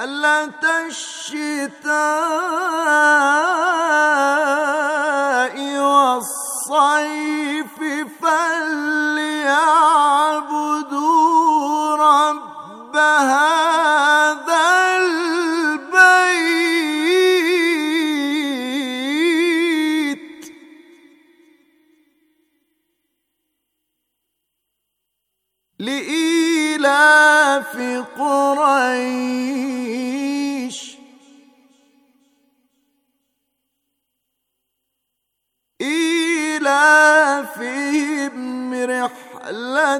رحلة الشتاء والصيف فليعبدوا رب هذا البيت لإيلاف قريش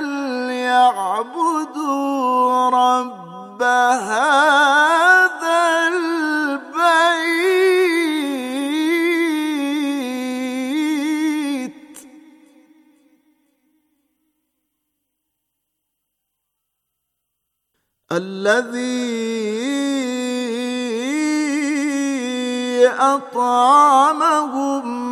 فليعبدوا رب هذا البيت الذي أطعمهم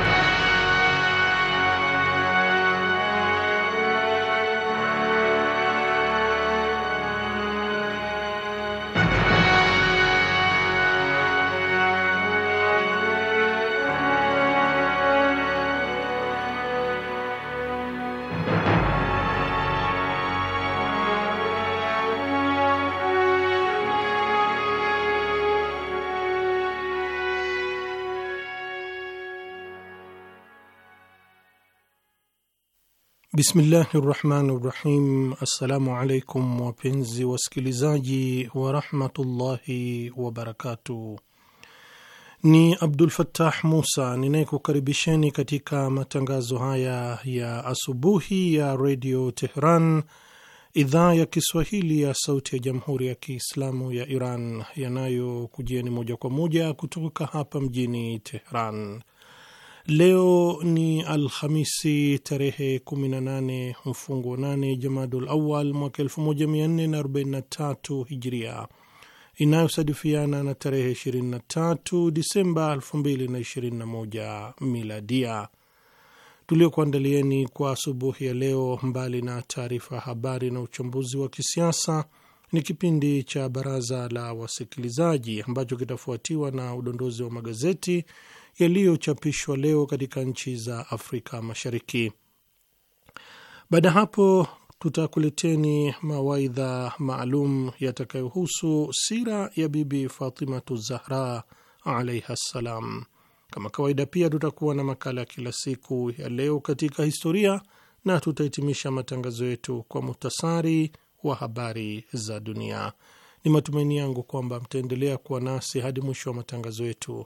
Bismillahi rahmani rahim. Assalamu alaikum wapenzi wasikilizaji warahmatullahi wabarakatuh. Ni Abdul Fattah Musa ninayekukaribisheni katika matangazo haya ya asubuhi ya redio Tehran, idhaa ya Kiswahili ya sauti ya jamhuri ya Kiislamu ya Iran, yanayokujieni moja kwa moja kutoka hapa mjini Tehran Leo ni Alhamisi tarehe 18 mfungo 8 Jamadul Awal mwaka 1443 Hijria, inayosadifiana na tarehe 23 Disemba 2021 Miladia. Tuliokuandalieni kwa asubuhi ya leo, mbali na taarifa ya habari na uchambuzi wa kisiasa, ni kipindi cha baraza la wasikilizaji ambacho kitafuatiwa na udondozi wa magazeti yaliyochapishwa leo katika nchi za Afrika Mashariki. Baada ya hapo tutakuleteni mawaidha maalum yatakayohusu sira ya Bibi Fatimatu Zahra alaiha ssalam. Kama kawaida, pia tutakuwa na makala ya kila siku ya leo katika historia na tutahitimisha matangazo yetu kwa muhtasari wa habari za dunia. Ni matumaini yangu kwamba mtaendelea kuwa nasi hadi mwisho wa matangazo yetu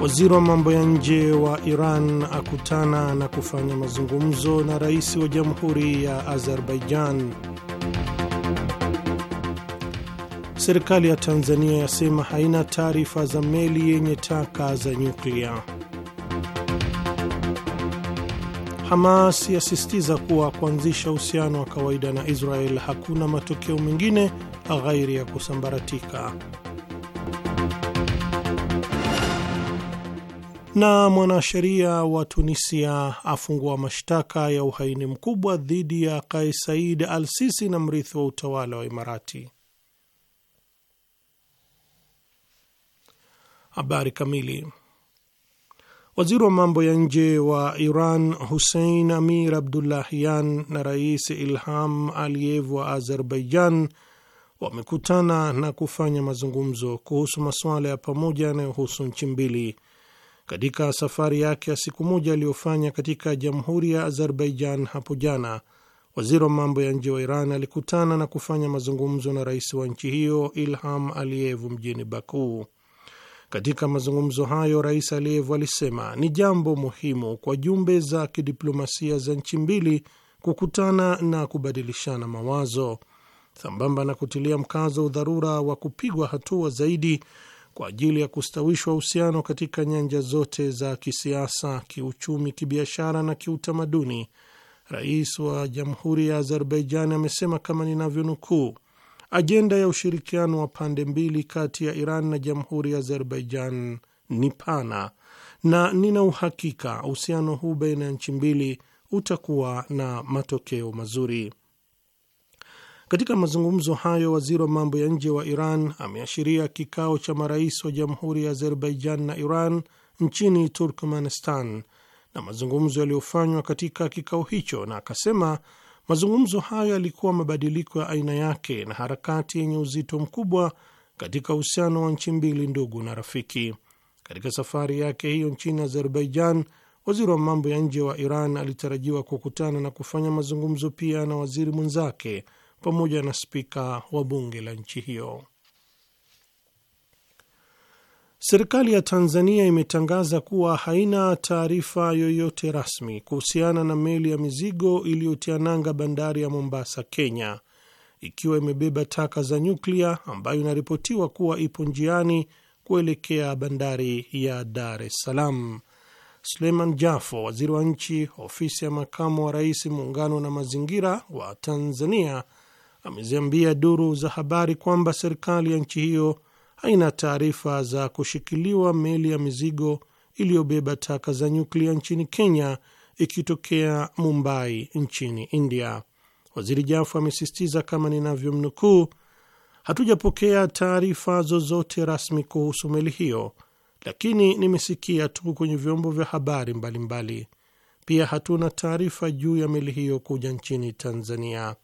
Waziri wa mambo ya nje wa Iran akutana na kufanya mazungumzo na rais wa jamhuri ya Azerbaijan. Serikali ya Tanzania yasema haina taarifa za meli yenye taka za nyuklia. Hamas yasisitiza kuwa kuanzisha uhusiano wa kawaida na Israel hakuna matokeo mengine ghairi ya kusambaratika. Na mwanasheria wa Tunisia afungua mashtaka ya uhaini mkubwa dhidi ya Kais Saied al-Sisi na mrithi wa utawala wa Imarati. Habari kamili. Waziri wa mambo ya nje wa Iran Hussein Amir Abdullahian na Rais Ilham Aliyev wa Azerbaijan wamekutana na kufanya mazungumzo kuhusu masuala ya pamoja yanayohusu nchi mbili katika safari yake ya siku moja aliyofanya katika jamhuri ya Azerbaijan hapo jana, waziri wa mambo ya nje wa Iran alikutana na kufanya mazungumzo na rais wa nchi hiyo Ilham Aliyev mjini Baku. Katika mazungumzo hayo, rais Aliyev alisema ni jambo muhimu kwa jumbe za kidiplomasia za nchi mbili kukutana na kubadilishana mawazo, sambamba na kutilia mkazo udharura wa kupigwa hatua zaidi kwa ajili ya kustawishwa uhusiano katika nyanja zote za kisiasa, kiuchumi, kibiashara na kiutamaduni. Rais wa Jamhuri ya Azerbaijan amesema kama ninavyonukuu, ajenda ya ushirikiano wa pande mbili kati ya Iran na Jamhuri ya Azerbaijan ni pana na nina uhakika uhusiano huu baina ya nchi mbili utakuwa na matokeo mazuri. Katika mazungumzo hayo, waziri wa mambo ya nje wa Iran ameashiria kikao cha marais wa jamhuri ya Azerbaijan na Iran nchini Turkmanistan na mazungumzo yaliyofanywa katika kikao hicho, na akasema mazungumzo hayo yalikuwa mabadiliko ya aina yake na harakati yenye uzito mkubwa katika uhusiano wa nchi mbili ndugu na rafiki. Katika safari yake hiyo nchini Azerbaijan, waziri wa mambo ya nje wa Iran alitarajiwa kukutana na kufanya mazungumzo pia na waziri mwenzake pamoja na spika wa bunge la nchi hiyo. Serikali ya Tanzania imetangaza kuwa haina taarifa yoyote rasmi kuhusiana na meli ya mizigo iliyotia nanga bandari ya Mombasa, Kenya, ikiwa imebeba taka za nyuklia ambayo inaripotiwa kuwa ipo njiani kuelekea bandari ya Dar es Salaam. Suleiman Jafo, waziri wa nchi ofisi ya makamu wa rais, muungano na mazingira wa Tanzania, ameziambia duru za habari kwamba serikali ya nchi hiyo haina taarifa za kushikiliwa meli ya mizigo iliyobeba taka za nyuklia nchini Kenya ikitokea Mumbai nchini India. Waziri Jafu amesisitiza kama ninavyomnukuu, hatujapokea taarifa zozote rasmi kuhusu meli hiyo, lakini nimesikia tu kwenye vyombo vya habari mbalimbali mbali. Pia hatuna taarifa juu ya meli hiyo kuja nchini Tanzania.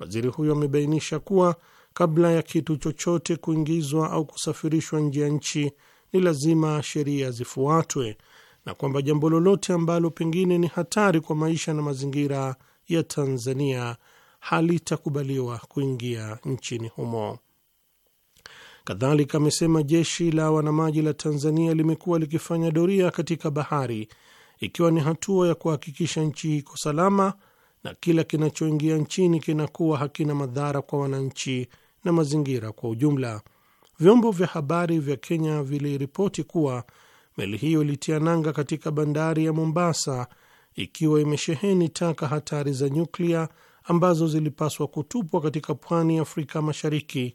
Waziri huyo amebainisha kuwa kabla ya kitu chochote kuingizwa au kusafirishwa nje ya nchi ni lazima sheria zifuatwe na kwamba jambo lolote ambalo pengine ni hatari kwa maisha na mazingira ya Tanzania halitakubaliwa kuingia nchini humo. Kadhalika amesema jeshi la wanamaji la Tanzania limekuwa likifanya doria katika bahari, ikiwa ni hatua ya kuhakikisha nchi iko salama na kila kinachoingia nchini kinakuwa hakina madhara kwa wananchi na mazingira kwa ujumla. Vyombo vya habari vya Kenya viliripoti kuwa meli hiyo ilitia nanga katika bandari ya Mombasa ikiwa imesheheni taka hatari za nyuklia ambazo zilipaswa kutupwa katika pwani ya Afrika Mashariki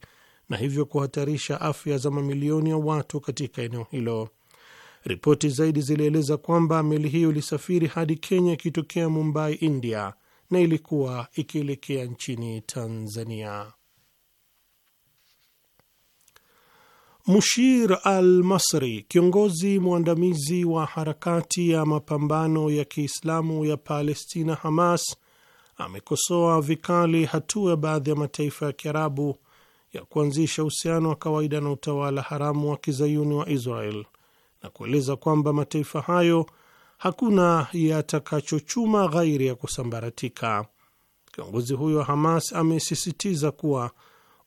na hivyo kuhatarisha afya za mamilioni ya watu katika eneo hilo. Ripoti zaidi zilieleza kwamba meli hiyo ilisafiri hadi Kenya ikitokea Mumbai, India, na ilikuwa ikielekea nchini Tanzania. Mushir al-Masri, kiongozi mwandamizi wa harakati ya mapambano ya Kiislamu ya Palestina Hamas, amekosoa vikali hatua ya baadhi ya mataifa ya Kiarabu ya kuanzisha uhusiano wa kawaida na utawala haramu wa Kizayuni wa Israel na kueleza kwamba mataifa hayo hakuna yatakachochuma ghairi ya kusambaratika. Kiongozi huyo Hamas amesisitiza kuwa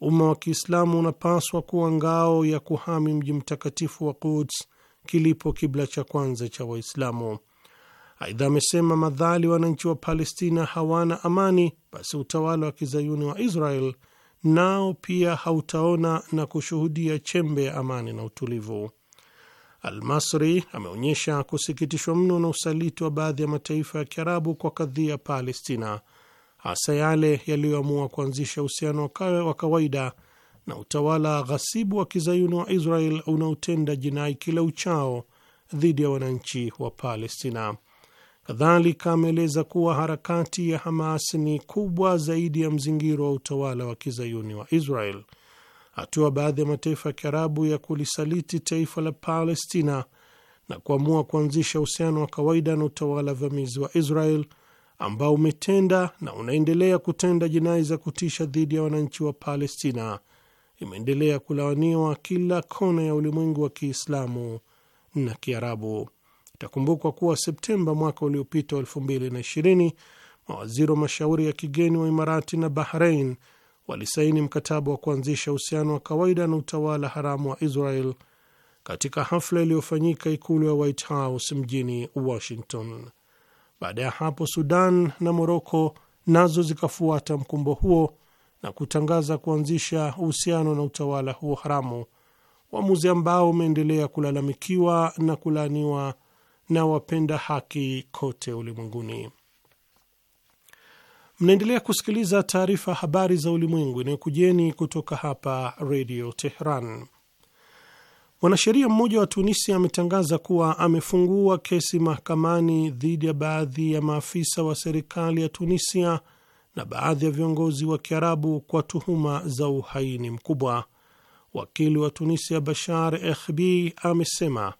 umma wa Kiislamu unapaswa kuwa ngao ya kuhami mji mtakatifu wa Quds kilipo kibla cha kwanza cha Waislamu. Aidha amesema madhali wananchi wa Palestina hawana amani, basi utawala wa kizayuni wa Israel nao pia hautaona na kushuhudia chembe ya amani na utulivu. Almasri ameonyesha kusikitishwa mno na usaliti wa baadhi ya mataifa ya Kiarabu kwa kadhia ya Palestina, hasa yale yaliyoamua kuanzisha uhusiano wa kawaida na utawala ghasibu wa kizayuni wa Israel unaotenda jinai kila uchao dhidi ya wananchi wa Palestina. Kadhalika ameeleza kuwa harakati ya Hamas ni kubwa zaidi ya mzingiro wa utawala wa kizayuni wa Israel hatua baadhi ya mataifa ya Kiarabu ya kulisaliti taifa la Palestina na kuamua kuanzisha uhusiano wa kawaida na utawala vamizi wa Israel ambao umetenda na unaendelea kutenda jinai za kutisha dhidi ya wananchi wa Palestina imeendelea kulawaniwa kila kona ya ulimwengu wa Kiislamu na Kiarabu. Itakumbukwa kuwa Septemba mwaka uliopita wa 2020 mawaziri wa mashauri ya kigeni wa Imarati na Bahrain walisaini mkataba wa kuanzisha uhusiano wa kawaida na utawala haramu wa Israel katika hafla iliyofanyika ikulu ya White House mjini Washington. Baada ya hapo, Sudan na Moroko nazo zikafuata mkumbo huo na kutangaza kuanzisha uhusiano na utawala huo haramu, uamuzi ambao umeendelea kulalamikiwa na kulaaniwa na wapenda haki kote ulimwenguni. Mnaendelea kusikiliza taarifa habari za ulimwengu inayokujeni kutoka hapa redio Tehran. Mwanasheria mmoja wa Tunisia ametangaza kuwa amefungua kesi mahakamani dhidi ya baadhi ya maafisa wa serikali ya Tunisia na baadhi ya viongozi wa Kiarabu kwa tuhuma za uhaini mkubwa. Wakili wa Tunisia Bashar Ehbi amesema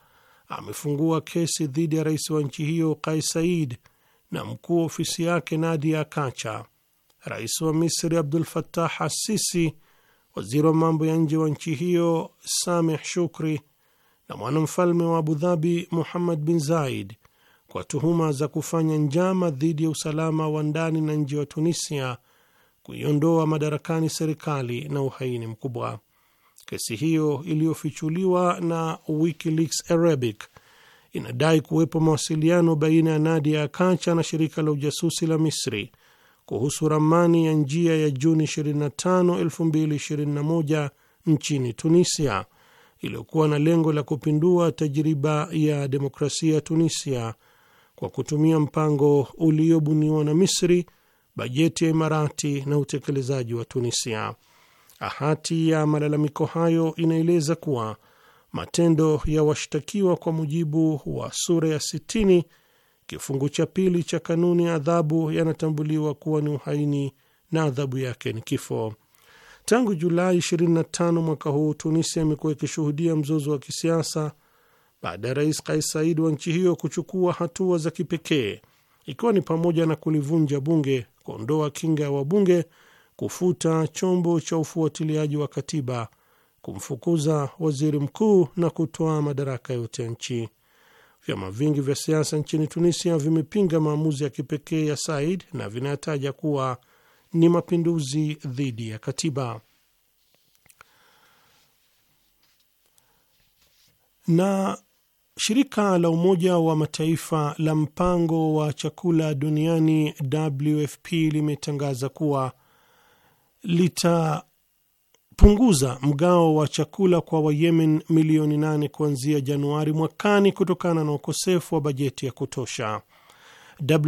amefungua kesi dhidi ya rais wa nchi hiyo Kais Saied na mkuu wa ofisi yake Nadia Kacha, rais wa Misri Abdul Fattah Assisi, waziri wa mambo ya nje wa nchi hiyo Sameh Shukri na mwanamfalme wa Abu Dhabi Muhammad bin Zaid kwa tuhuma za kufanya njama dhidi ya usalama wa ndani na nje wa Tunisia kuiondoa madarakani serikali na uhaini mkubwa. Kesi hiyo iliyofichuliwa na WikiLeaks Arabic inadai kuwepo mawasiliano baina ya Nadia ya Kacha na shirika la ujasusi la Misri kuhusu ramani ya njia ya Juni 25, 2021 nchini Tunisia iliyokuwa na lengo la kupindua tajriba ya demokrasia ya Tunisia kwa kutumia mpango uliobuniwa na Misri, bajeti ya Imarati na utekelezaji wa Tunisia. Ahati ya malalamiko hayo inaeleza kuwa matendo ya washtakiwa kwa mujibu wa sura ya 60 kifungu cha pili cha kanuni ya adhabu yanatambuliwa kuwa ni uhaini na adhabu yake ni kifo. Tangu Julai 25 mwaka huu, Tunisia imekuwa ikishuhudia mzozo wa kisiasa baada ya rais Kais Saied wa nchi hiyo kuchukua hatua za kipekee, ikiwa ni pamoja na kulivunja bunge, kuondoa kinga ya wabunge, kufuta chombo cha ufuatiliaji wa katiba kumfukuza waziri mkuu na kutoa madaraka yote ya nchi. Vyama vingi vya siasa nchini Tunisia vimepinga maamuzi ya kipekee ya Said na vinataja kuwa ni mapinduzi dhidi ya katiba. Na shirika la Umoja wa Mataifa la mpango wa chakula duniani WFP limetangaza kuwa lita punguza mgao wa chakula kwa Wayemen milioni nane kuanzia Januari mwakani kutokana na ukosefu wa bajeti ya kutosha.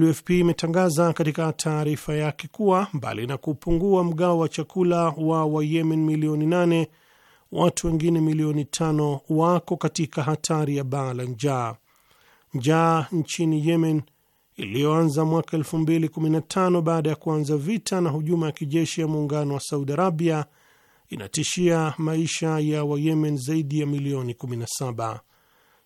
WFP imetangaza katika taarifa yake kuwa mbali na kupungua mgao wa chakula wa Wayemen milioni nane, watu wengine milioni tano wako katika hatari ya baa la njaa. Njaa nchini Yemen iliyoanza mwaka 2015 baada ya kuanza vita na hujuma ya kijeshi ya muungano wa Saudi Arabia inatishia maisha ya Wayemen zaidi ya milioni 17.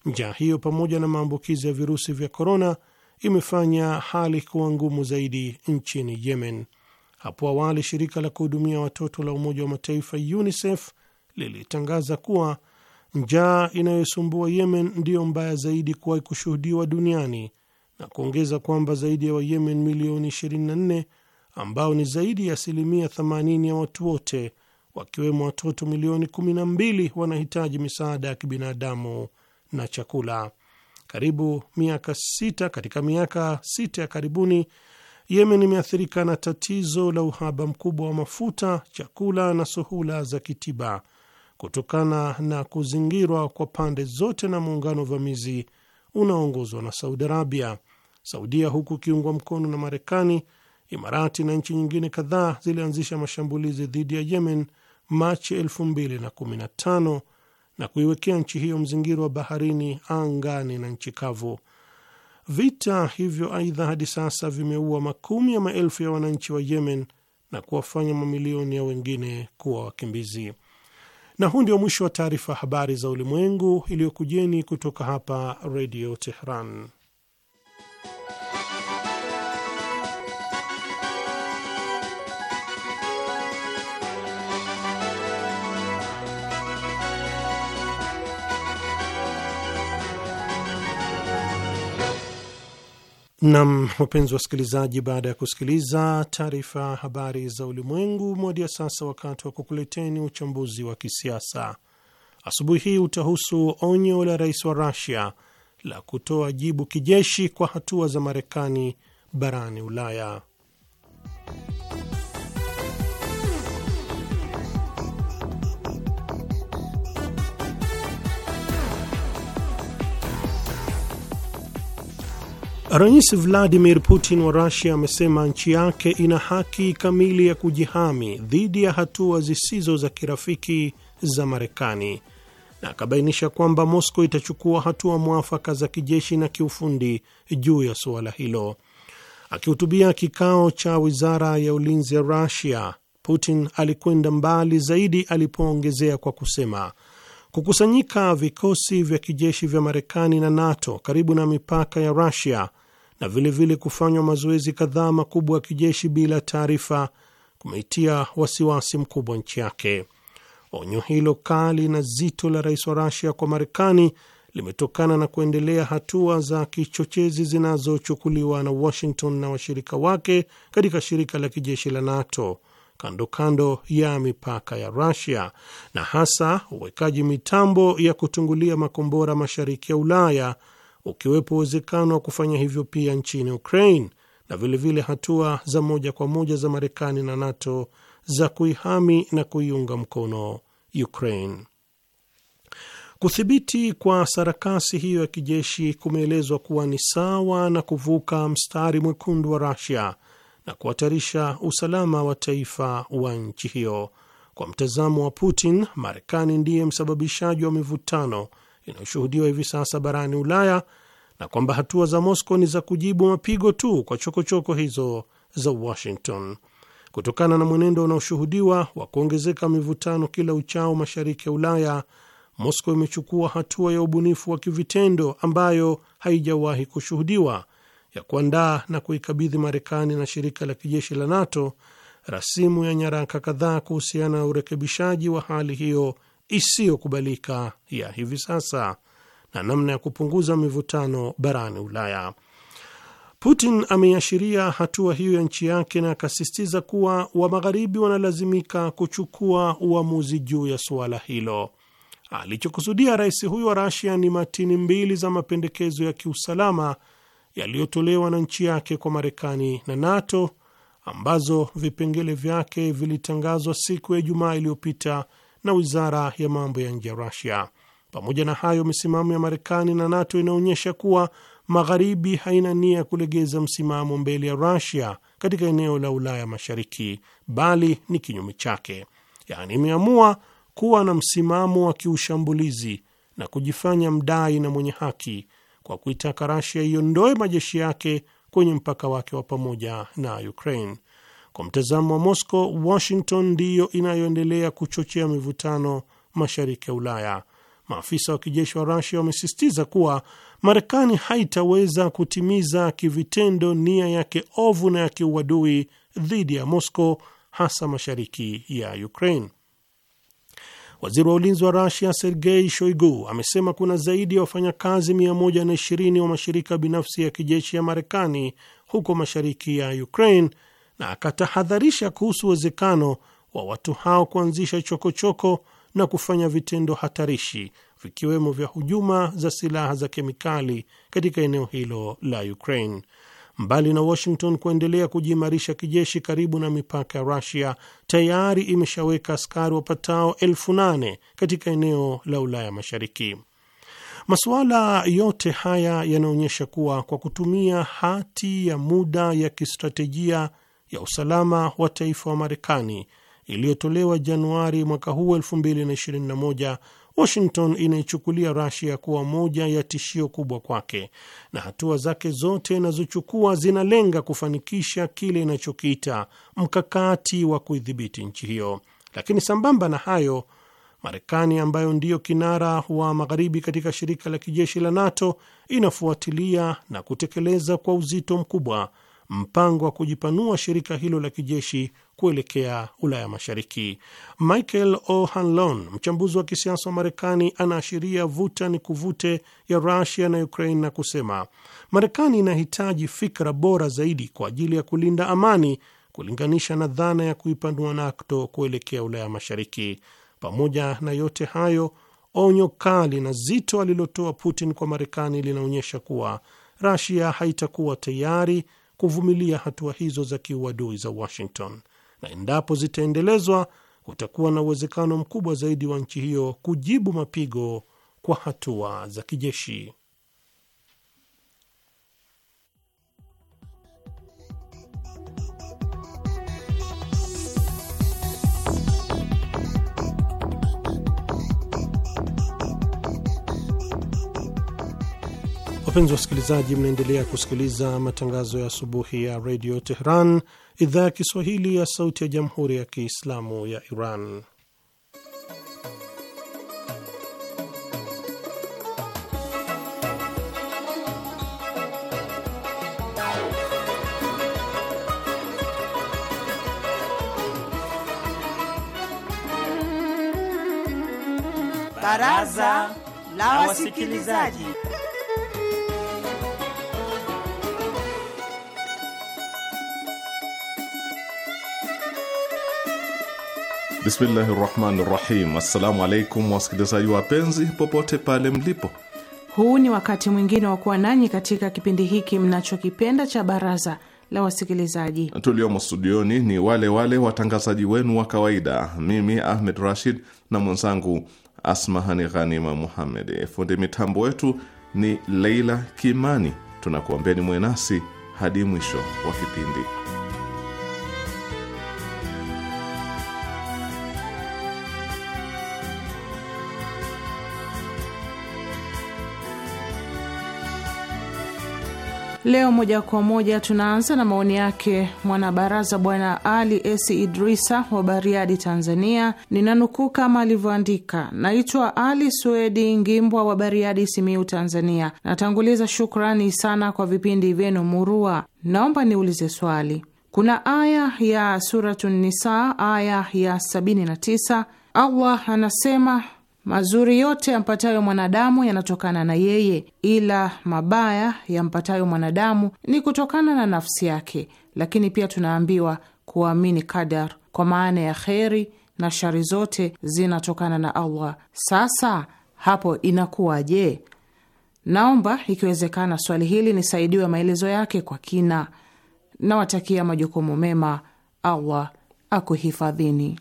Njaa hiyo pamoja na maambukizi ya virusi vya korona imefanya hali kuwa ngumu zaidi nchini Yemen. Hapo awali shirika la kuhudumia watoto la Umoja wa Mataifa UNICEF lilitangaza kuwa njaa inayosumbua Yemen ndiyo mbaya zaidi kuwahi kushuhudiwa duniani na kuongeza kwamba zaidi ya Wayemen milioni 24 ambao ni zaidi ya asilimia 80 ya watu wote wakiwemo watoto milioni 12 wanahitaji misaada ya kibinadamu na chakula. Karibu miaka sita, katika miaka sita ya karibuni Yemen imeathirika na tatizo la uhaba mkubwa wa mafuta, chakula na suhula za kitiba kutokana na kuzingirwa kwa pande zote na muungano wa vamizi unaoongozwa na Saudi Arabia. Saudia, huku ikiungwa mkono na Marekani, Imarati na nchi nyingine kadhaa, zilianzisha mashambulizi dhidi ya Yemen Machi 2015 na kuiwekea nchi hiyo mzingiro wa baharini, angani na nchi kavu. Vita hivyo aidha, hadi sasa vimeua makumi ya maelfu ya wananchi wa Yemen na kuwafanya mamilioni ya wengine kuwa wakimbizi. Na huu ndio mwisho wa taarifa habari za ulimwengu iliyokujeni kutoka hapa Redio Tehran. Nam, wapenzi wasikilizaji, baada ya kusikiliza taarifa habari za ulimwengu moja, sasa wakati wa kukuleteni uchambuzi wa kisiasa asubuhi hii. Utahusu onyo la rais wa Rusia la kutoa jibu kijeshi kwa hatua za Marekani barani Ulaya. Rais Vladimir Putin wa Rusia amesema nchi yake ina haki kamili ya kujihami dhidi ya hatua zisizo za kirafiki za Marekani na akabainisha kwamba Moscow itachukua hatua mwafaka za kijeshi na kiufundi juu ya suala hilo. Akihutubia kikao cha wizara ya ulinzi ya Rusia, Putin alikwenda mbali zaidi alipoongezea kwa kusema kukusanyika vikosi vya kijeshi vya Marekani na NATO karibu na mipaka ya Rusia na vilevile kufanywa mazoezi kadhaa makubwa ya kijeshi bila taarifa kumeitia wasiwasi mkubwa nchi yake. Onyo hilo kali na zito la rais wa Rasia kwa Marekani limetokana na kuendelea hatua za kichochezi zinazochukuliwa na Washington na washirika wake katika shirika la kijeshi la NATO kando kando ya mipaka ya Rusia na hasa uwekaji mitambo ya kutungulia makombora mashariki ya Ulaya ukiwepo uwezekano wa kufanya hivyo pia nchini Ukraine, na vilevile vile hatua za moja kwa moja za Marekani na NATO za kuihami na kuiunga mkono Ukraine. Kuthibiti kwa sarakasi hiyo ya kijeshi kumeelezwa kuwa ni sawa na kuvuka mstari mwekundu wa Russia na kuhatarisha usalama wa taifa wa nchi hiyo. Kwa mtazamo wa Putin, Marekani ndiye msababishaji wa mivutano inayoshuhudiwa hivi sasa barani Ulaya na kwamba hatua za Moscow ni za kujibu mapigo tu kwa chokochoko choko hizo za Washington. Kutokana na mwenendo unaoshuhudiwa wa kuongezeka mivutano kila uchao mashariki ya Ulaya, Moscow imechukua hatua ya ubunifu wa kivitendo ambayo haijawahi kushuhudiwa ya kuandaa na kuikabidhi Marekani na shirika la kijeshi la NATO rasimu ya nyaraka kadhaa kuhusiana na urekebishaji wa hali hiyo isiyokubalika ya hivi sasa na namna ya kupunguza mivutano barani Ulaya. Putin ameashiria hatua hiyo ya nchi yake na akasisitiza kuwa wa magharibi wanalazimika kuchukua uamuzi juu ya suala hilo. Alichokusudia rais huyo wa Rasia ni matini mbili za mapendekezo ya kiusalama yaliyotolewa na nchi yake kwa Marekani na NATO ambazo vipengele vyake vilitangazwa siku ya Ijumaa iliyopita na wizara ya mambo ya nje ya Rusia. Pamoja na hayo, misimamo ya Marekani na NATO inaonyesha kuwa Magharibi haina nia ya kulegeza msimamo mbele ya Rusia katika eneo la Ulaya Mashariki, bali ni kinyume chake, yaani imeamua kuwa na msimamo wa kiushambulizi na kujifanya mdai na mwenye haki kwa kuitaka Rasia iondoe majeshi yake kwenye mpaka wake wa pamoja na Ukraine. Kwa mtazamo wa Moscow, Washington ndiyo inayoendelea kuchochea mivutano mashariki ya Ulaya. Maafisa wa kijeshi wa Rusia wamesisitiza kuwa Marekani haitaweza kutimiza kivitendo nia yake ovu na ya kiuadui dhidi ya Moscow, hasa mashariki ya Ukraine. Waziri wa ulinzi wa Rusia Sergei Shoigu amesema kuna zaidi ya wafanyakazi 120 wa mashirika binafsi ya kijeshi ya Marekani huko mashariki ya Ukraine na akatahadharisha kuhusu uwezekano wa watu hao kuanzisha chokochoko choko na kufanya vitendo hatarishi vikiwemo vya hujuma za silaha za kemikali katika eneo hilo la Ukraine. Mbali na Washington kuendelea kujiimarisha kijeshi karibu na mipaka ya Rusia, tayari imeshaweka askari wapatao elfu nane katika eneo la Ulaya Mashariki. Masuala yote haya yanaonyesha kuwa kwa kutumia hati ya muda ya kistratejia ya usalama wa taifa wa Marekani iliyotolewa Januari mwaka huu 2021, Washington inaichukulia rusia kuwa moja ya tishio kubwa kwake na hatua zake zote inazochukua zinalenga kufanikisha kile inachokiita mkakati wa kuidhibiti nchi hiyo. Lakini sambamba na hayo, Marekani ambayo ndiyo kinara wa magharibi katika shirika la kijeshi la NATO inafuatilia na kutekeleza kwa uzito mkubwa mpango wa kujipanua shirika hilo la kijeshi kuelekea Ulaya Mashariki. Michael O'Hanlon, mchambuzi wa kisiasa wa Marekani, anaashiria vuta ni kuvute ya Rusia na Ukraine na kusema Marekani inahitaji fikra bora zaidi kwa ajili ya kulinda amani kulinganisha na dhana ya kuipanua NATO kuelekea Ulaya Mashariki. Pamoja na yote hayo, onyo kali na zito alilotoa Putin kwa Marekani linaonyesha kuwa Rusia haitakuwa tayari kuvumilia hatua hizo za kiuadui za Washington, na endapo zitaendelezwa, kutakuwa na uwezekano mkubwa zaidi wa nchi hiyo kujibu mapigo kwa hatua za kijeshi. Wapenzi wasikilizaji, mnaendelea kusikiliza matangazo ya asubuhi ya redio Tehran, idhaa ya Kiswahili ya sauti ya jamhuri ya Kiislamu ya Iran. Baraza la Wasikilizaji. Bismillahi rahmani rahim. Assalamu alaikum wasikilizaji wapenzi, popote pale mlipo, huu ni wakati mwingine wa kuwa nanyi katika kipindi hiki mnachokipenda cha Baraza la Wasikilizaji. Tuliomo studioni ni wale wale watangazaji wenu wa kawaida, mimi Ahmed Rashid na mwenzangu Asmahani Ghanima Muhammed. Fundi mitambo wetu ni Leila Kimani. Tunakuombeni mwenasi hadi mwisho wa kipindi. Leo moja kwa moja tunaanza na maoni yake mwanabaraza Bwana Ali Esi Idrisa wa Bariadi, Tanzania. Ninanukuu kama alivyoandika: naitwa Ali Suedi Ngimbwa wa Bariadi, Simiu, Tanzania. Natanguliza shukrani sana kwa vipindi vyenu murua. Naomba niulize swali. Kuna aya ya suratu Nisa aya ya 79 Allah anasema Mazuri yote yampatayo mwanadamu yanatokana na yeye, ila mabaya yampatayo mwanadamu ni kutokana na nafsi yake. Lakini pia tunaambiwa kuamini kadar, kwa maana ya kheri na shari zote zinatokana na Allah. Sasa hapo inakuwaje? Naomba ikiwezekana swali hili nisaidiwe maelezo yake kwa kina. Nawatakia majukumu mema. Allah akuhifadhini.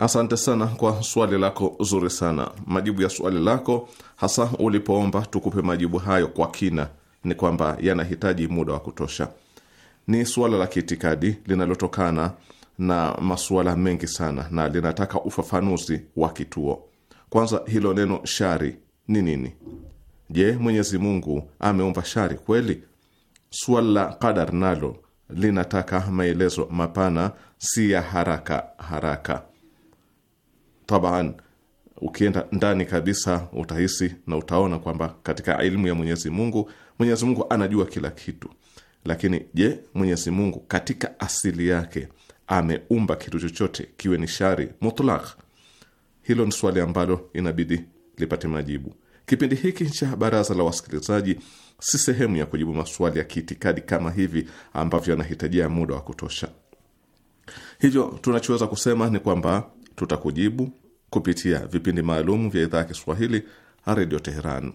Asante sana kwa swali lako zuri sana. Majibu ya swali lako hasa ulipoomba tukupe majibu hayo kwa kina ni kwamba yanahitaji muda wa kutosha. Ni suala la kiitikadi linalotokana na masuala mengi sana na linataka ufafanuzi wa kituo. Kwanza, hilo neno shari ni nini? Je, Mwenyezi Mungu ameumba shari kweli? Suala la qadar nalo linataka maelezo mapana, si ya haraka haraka. Taban, ukienda ndani kabisa utahisi na utaona kwamba katika elimu ya Mwenyezi Mungu, Mwenyezi Mungu anajua kila kitu. Lakini je, Mwenyezi Mungu katika asili yake ameumba kitu chochote kiwe ni shari mutlaq? Hilo ni swali ambalo inabidi lipate majibu. Kipindi hiki cha Baraza la Wasikilizaji si sehemu ya kujibu maswali ya kiitikadi kama hivi ambavyo yanahitajia muda wa kutosha. Hivyo tunachoweza kusema ni kwamba tutakujibu kupitia vipindi maalum vya idhaa ya Kiswahili Redio Teheran.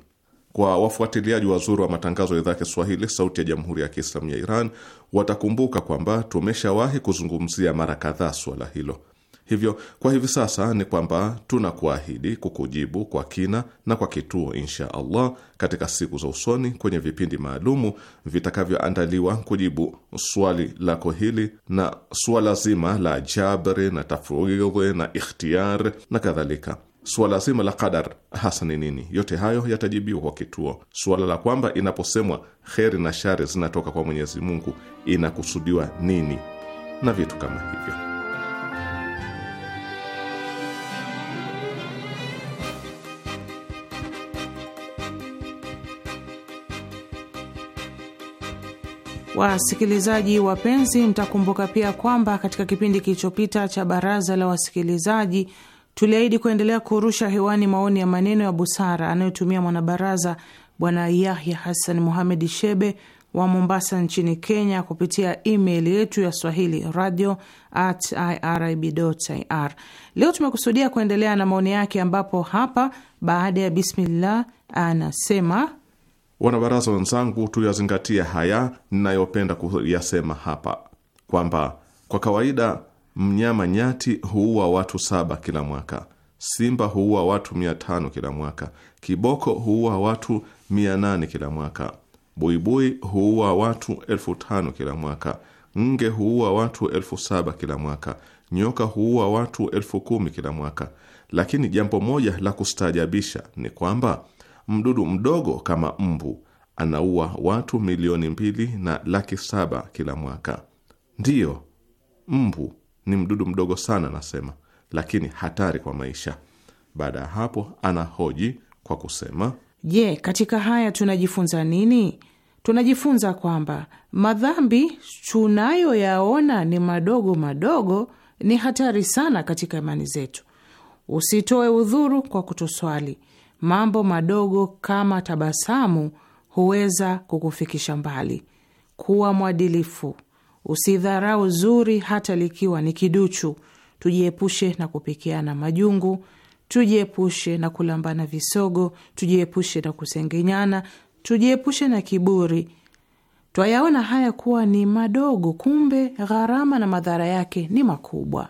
Kwa wafuatiliaji wazuri wa matangazo ya idhaa ya Kiswahili sauti ya jamhuri ya Kiislamu ya Iran watakumbuka kwamba tumeshawahi kuzungumzia mara kadhaa suala hilo. Hivyo kwa hivi sasa ni kwamba tunakuahidi kukujibu kwa kina na kwa kituo, insha Allah, katika siku za usoni kwenye vipindi maalumu vitakavyoandaliwa kujibu swali lako hili na suala zima la jabri na tafwidhi na ikhtiar na kadhalika. Suala zima la qadar hasa ni nini? Yote hayo yatajibiwa kwa kituo. Suala la kwamba inaposemwa kheri na shari zinatoka kwa Mwenyezi Mungu inakusudiwa nini na vitu kama hivyo. Wasikilizaji wapenzi, mtakumbuka pia kwamba katika kipindi kilichopita cha baraza la wasikilizaji tuliahidi kuendelea kurusha hewani maoni ya maneno ya busara anayotumia mwanabaraza Bwana Yahya Hassan Muhamed Shebe wa Mombasa nchini Kenya kupitia email yetu ya swahili radio at irib.ir. Leo tumekusudia kuendelea na maoni yake, ambapo hapa baada ya bismillah anasema Wanabaraza wenzangu, tuyazingatia haya ninayopenda kuyasema hapa kwamba kwa kawaida mnyama nyati huua watu saba kila mwaka, simba huua watu mia tano kila mwaka, kiboko huua watu mia nane kila mwaka, buibui huua watu elfu tano kila mwaka, nge huua watu elfu saba kila mwaka, nyoka huua watu elfu kumi kila mwaka. Lakini jambo moja la kustaajabisha ni kwamba mdudu mdogo kama mbu anaua watu milioni mbili na laki saba kila mwaka. Ndiyo, mbu ni mdudu mdogo sana, anasema lakini hatari kwa maisha. Baada ya hapo, anahoji kwa kusema, je, katika haya tunajifunza nini? Tunajifunza kwamba madhambi tunayoyaona ni madogo madogo ni hatari sana katika imani zetu. Usitoe udhuru kwa kutoswali mambo madogo kama tabasamu huweza kukufikisha mbali. Kuwa mwadilifu, usidharau zuri hata likiwa ni kiduchu. Tujiepushe na kupikiana majungu, tujiepushe na kulambana visogo, tujiepushe na kusengenyana, tujiepushe na kiburi. Twayaona haya kuwa ni madogo, kumbe gharama na madhara yake ni makubwa.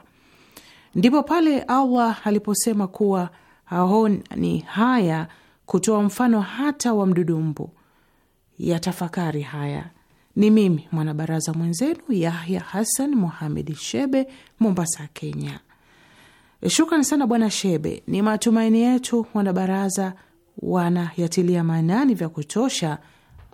Ndipo pale Allah aliposema kuwa haoni haya kutoa mfano hata wa mdudu mbu. tafakari haya. Ni mimi mwanabaraza mwenzenu Yahya Hassan Muhamedi Shebe, Mombasa, Kenya. Shukran sana Bwana Shebe. Ni matumaini yetu wanabaraza wanayatilia maanani vya kutosha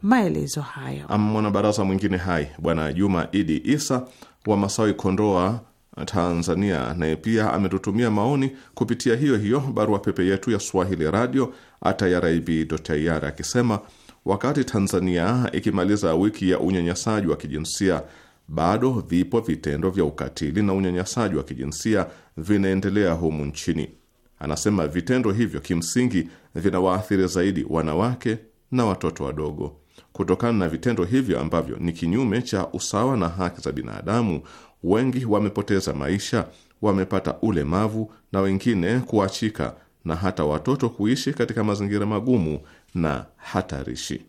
maelezo hayo. Mwanabaraza mwingine hai Bwana Juma Idi Isa wa Masawi, Kondoa, Tanzania, naye pia ametutumia maoni kupitia hiyo hiyo barua pepe yetu ya swahili radio irib.ir akisema wakati Tanzania ikimaliza wiki ya unyanyasaji wa kijinsia bado vipo vitendo vya ukatili na unyanyasaji wa kijinsia vinaendelea humu nchini. Anasema vitendo hivyo kimsingi vinawaathiri zaidi wanawake na watoto wadogo. Kutokana na vitendo hivyo ambavyo ni kinyume cha usawa na haki za binadamu, wengi wamepoteza maisha, wamepata ulemavu na wengine kuachika, na hata watoto kuishi katika mazingira magumu na hatarishi.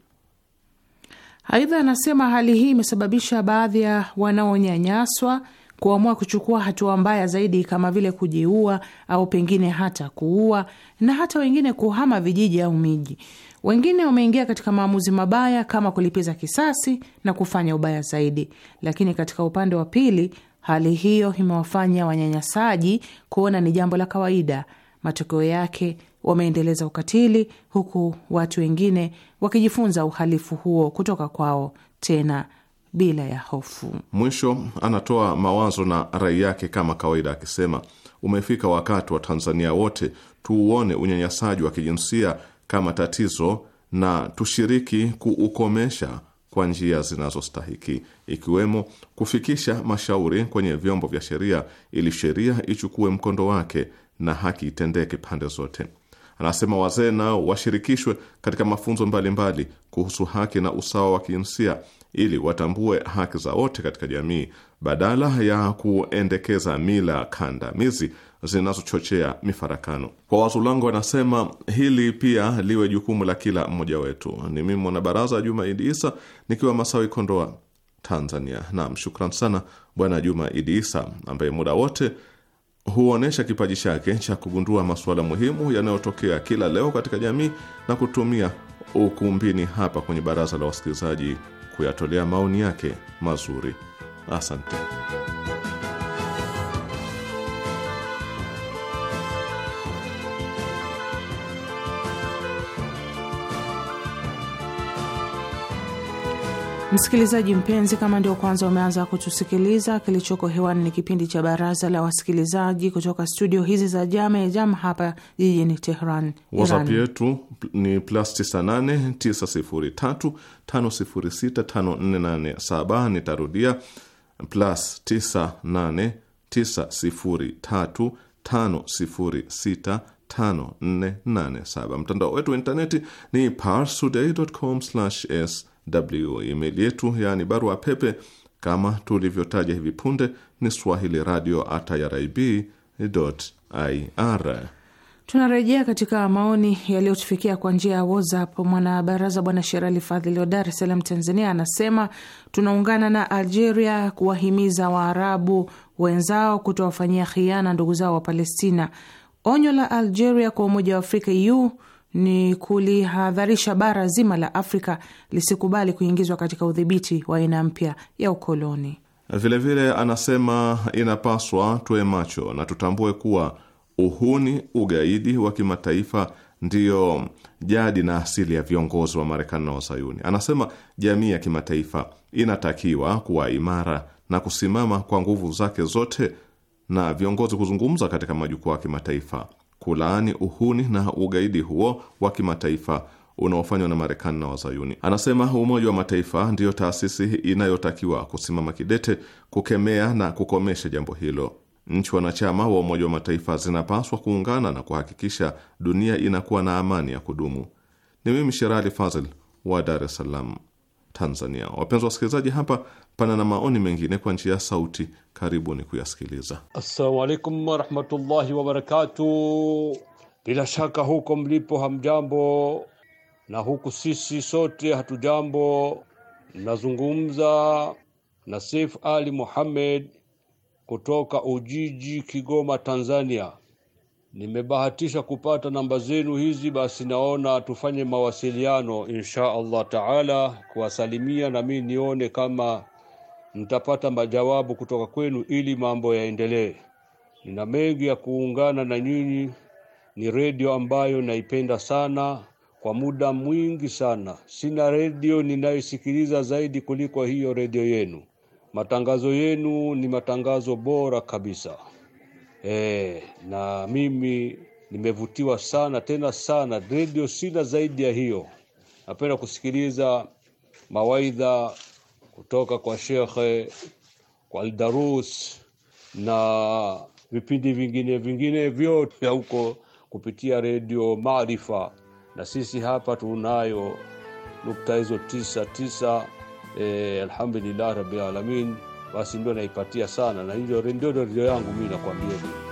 Aidha, anasema hali hii imesababisha baadhi ya wanaonyanyaswa kuamua kuchukua hatua mbaya zaidi kama vile kujiua au pengine hata kuua na hata wengine kuhama vijiji au miji. Wengine wameingia katika maamuzi mabaya kama kulipiza kisasi na kufanya ubaya zaidi, lakini katika upande wa pili, hali hiyo imewafanya wanyanyasaji kuona ni jambo la kawaida. Matokeo yake wameendeleza ukatili, huku watu wengine wakijifunza uhalifu huo kutoka kwao, tena bila ya hofu. Mwisho anatoa mawazo na rai yake kama kawaida, akisema umefika wakati wa Tanzania wote tuuone unyanyasaji wa kijinsia kama tatizo na tushiriki kuukomesha kwa njia zinazostahiki ikiwemo kufikisha mashauri kwenye vyombo vya sheria ili sheria ichukue mkondo wake na haki itendeke pande zote. Anasema wazee nao washirikishwe katika mafunzo mbalimbali mbali kuhusu haki na usawa wa kijinsia ili watambue haki za wote katika jamii badala ya kuendekeza mila kandamizi zinazochochea mifarakano. Kwa langu wanasema hili pia liwe jukumu la kila mmoja wetu. Ni mimi mwanabaraza Juma Idi Isa nikiwa Masawi, Kondoa, Tanzania. Naam, shukran sana Bwana Juma Idi Isa ambaye muda wote huonyesha kipaji chake cha kugundua masuala muhimu yanayotokea kila leo katika jamii na kutumia ukumbini hapa kwenye baraza la wasikilizaji kuyatolea maoni yake mazuri. Asante. Msikilizaji mpenzi, kama ndio kwanza umeanza kutusikiliza, kilichoko hewani ni kipindi cha Baraza la Wasikilizaji kutoka studio hizi za Jame Jam hapa jijini Tehran. WhatsApp yetu ni plus 98 Nitarudia plus 98 5487. Mtandao wetu wa intaneti ni parstoday.com/s w. Email yetu yaani barua pepe kama tulivyotaja hivi punde ni swahili radio at irib ir. Tunarejea katika maoni yaliyotufikia kwa njia ya WhatsApp. Mwanabaraza Bwana Sherali Fadhili wa Dar es Salaam, Tanzania, anasema tunaungana na Algeria kuwahimiza Waarabu wenzao kutowafanyia khiana ndugu zao wa Palestina. Onyo la Algeria kwa Umoja wa Afrika e u ni kulihadharisha bara zima la Afrika lisikubali kuingizwa katika udhibiti wa aina mpya ya ukoloni. Vilevile anasema inapaswa tuwe macho na tutambue kuwa uhuni, ugaidi wa kimataifa ndiyo jadi na asili ya viongozi wa Marekani na Wazayuni. Anasema jamii ya kimataifa inatakiwa kuwa imara na kusimama kwa nguvu zake zote, na viongozi kuzungumza katika majukwaa ya kimataifa kulaani uhuni na ugaidi huo wa kimataifa unaofanywa na Marekani na Wazayuni. Anasema Umoja wa Mataifa ndiyo taasisi inayotakiwa kusimama kidete kukemea na kukomesha jambo hilo. Nchi wanachama wa Umoja wa Mataifa zinapaswa kuungana na kuhakikisha dunia inakuwa na amani ya kudumu. Ni mimi Sherali Fazil wa Dar es Salaam, Tanzania. Wapenzi wasikilizaji, hapa pana na maoni mengine kwa njia ya sauti. Karibuni kuyasikiliza. Assalamu alaikum warahmatullahi wabarakatu. Bila shaka huko mlipo hamjambo na huku sisi sote hatujambo. Nazungumza na Saif Ali Muhammad kutoka Ujiji, Kigoma, Tanzania. Nimebahatisha kupata namba zenu hizi, basi naona tufanye mawasiliano insha Allah taala, kuwasalimia na mimi nione kama mtapata majawabu kutoka kwenu ili mambo yaendelee. Nina mengi ya kuungana na nyinyi. Ni redio ambayo naipenda sana kwa muda mwingi sana. Sina redio ninayosikiliza zaidi kuliko hiyo redio yenu. Matangazo yenu ni matangazo bora kabisa. E, na mimi nimevutiwa sana tena sana. Redio sina zaidi ya hiyo. Napenda kusikiliza mawaidha kutoka kwa shekhe, kwa aldarus na vipindi vingine vingine vyote huko kupitia redio Maarifa, na sisi hapa tunayo nukta hizo tisa tisa. Eh, alhamdulillah rabbil alamin. Basi ndio naipatia sana, na hivyo ndio redio yangu mimi nakwambia.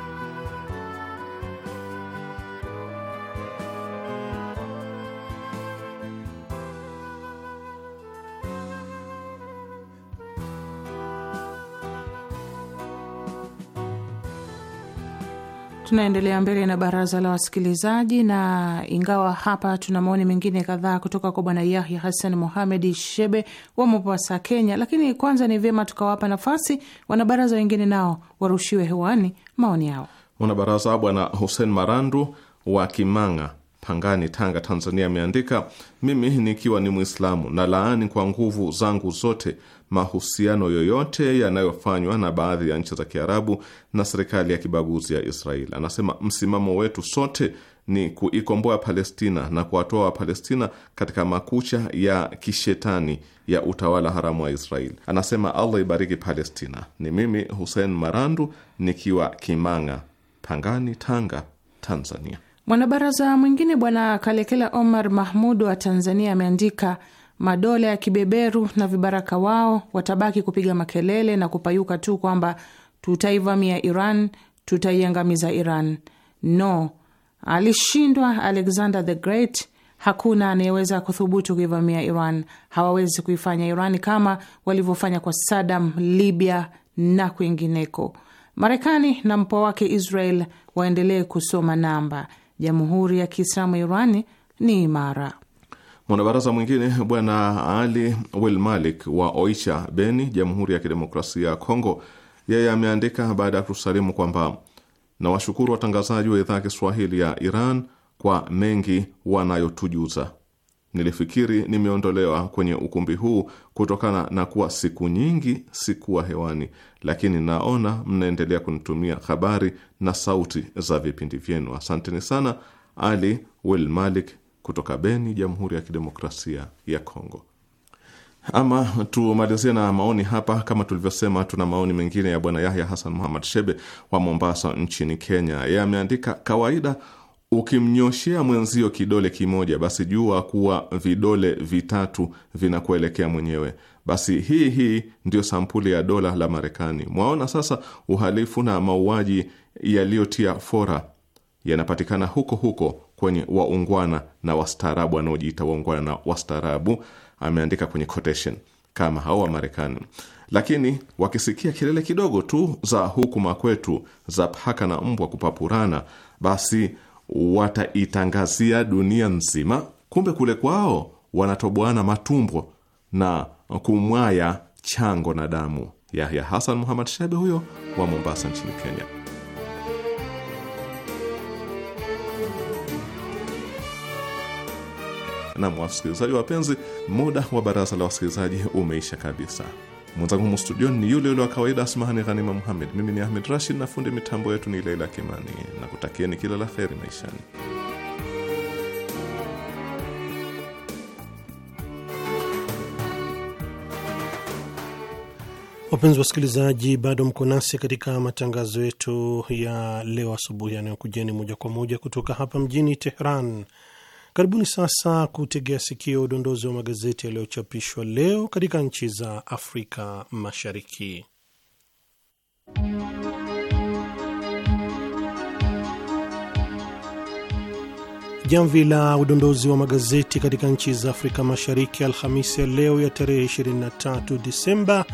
Tunaendelea mbele na baraza la wasikilizaji, na ingawa hapa tuna maoni mengine kadhaa kutoka kwa bwana Yahya Hassan Mohamed Shebe wa Mombasa, Kenya, lakini kwanza ni vyema tukawapa nafasi wanabaraza wengine nao warushiwe hewani maoni yao. Mwanabaraza bwana Hussein Marandu wa Kimanga, Pangani, Tanga, Tanzania ameandika, mimi nikiwa ni Mwislamu na laani kwa nguvu zangu zote mahusiano yoyote yanayofanywa na baadhi ya nchi za Kiarabu na serikali ya kibaguzi ya Israeli. Anasema msimamo wetu sote ni kuikomboa Palestina na kuwatoa Wapalestina katika makucha ya kishetani ya utawala haramu wa Israeli. Anasema Allah ibariki Palestina. Ni mimi Hussein Marandu nikiwa Kimanga, Pangani, Tanga, Tanzania. Mwanabaraza mwingine Bwana Kalekela Omar Mahmud wa Tanzania ameandika madola ya kibeberu na vibaraka wao watabaki kupiga makelele na kupayuka tu kwamba tutaivamia Iran, tutaiangamiza Iran. No, alishindwa Alexander the Great. Hakuna anayeweza kuthubutu kuivamia Iran. Hawawezi kuifanya Iran kama walivyofanya kwa Sadam, Libya na kwingineko. Marekani na mpwa wake Israel waendelee kusoma namba. Jamhuri ya Kiislamu Irani ni imara. Mwanabaraza mwingine Bwana Ali Wil Malik wa Oicha, Beni, Jamhuri ya Kidemokrasia ya Kongo, yeye ameandika baada ya kutusalimu kwamba nawashukuru watangazaji wa idhaa ya Kiswahili ya Iran kwa mengi wanayotujuza. Nilifikiri nimeondolewa kwenye ukumbi huu kutokana na kuwa siku nyingi sikuwa hewani, lakini naona mnaendelea kunitumia habari na sauti za vipindi vyenu. Asanteni sana, Ali Wil Malik kutoka Beni, Jamhuri ya Kidemokrasia ya Kongo. Ama tumalizie na maoni hapa. Kama tulivyosema, tuna maoni mengine ya Bwana Yahya Hassan Muhammad Shebe wa Mombasa nchini Kenya. Yeye ameandika, kawaida ukimnyoshea mwenzio kidole kimoja, basi jua kuwa vidole vitatu vinakuelekea mwenyewe. Basi hii hii ndiyo sampuli ya dola la Marekani. Mwaona sasa uhalifu na mauaji yaliyotia fora yanapatikana huko huko kwenye waungwana na wastaarabu wanaojiita waungwana na wastaarabu, ameandika kwenye quotation kama hao Wamarekani, lakini wakisikia kelele kidogo tu za hukuma kwetu za paka na mbwa kupapurana, basi wataitangazia dunia nzima. Kumbe kule kwao wanatoboana matumbo na kumwaya chango na damu. Yahya Hasan Muhamad Shebe huyo wa Mombasa nchini Kenya. na wasikilizaji wapenzi, muda wa baraza la wasikilizaji umeisha kabisa. Mwenzangu humu studioni ni yule yule wa kawaida, Asmahani Ghanima Muhammed. Mimi ni Ahmed Rashid na fundi mitambo yetu ni Leila Kimani, na kutakieni kila la kheri maishani. Wapenzi wasikilizaji, bado mko nasi katika matangazo yetu ya leo asubuhi yanayokujeni moja kwa moja kutoka hapa mjini teheran Karibuni sasa kutegea sikio udondozi wa magazeti yaliyochapishwa leo katika nchi za Afrika Mashariki. Jamvi la udondozi wa magazeti katika nchi za Afrika Mashariki Alhamisi ya leo ya tarehe 23 Disemba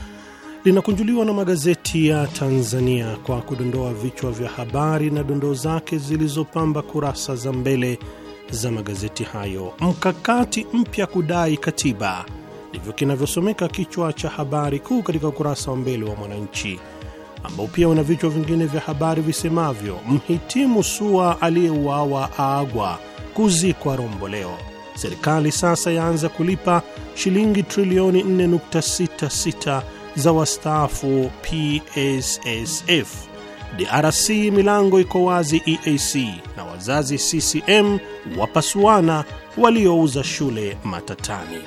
linakunjuliwa na magazeti ya Tanzania kwa kudondoa vichwa vya habari na dondoo zake zilizopamba kurasa za mbele za magazeti hayo. Mkakati mpya kudai katiba, ndivyo kinavyosomeka kichwa cha habari kuu katika ukurasa wa mbele wa Mwananchi, ambao pia una vichwa vingine vya habari visemavyo: mhitimu SUA aliyeuawa aagwa, kuzikwa Rombo leo, serikali sasa yaanza kulipa shilingi trilioni 4.66 za wastaafu PSSF DRC milango iko wazi EAC na wazazi CCM wapasuana waliouza shule matatani.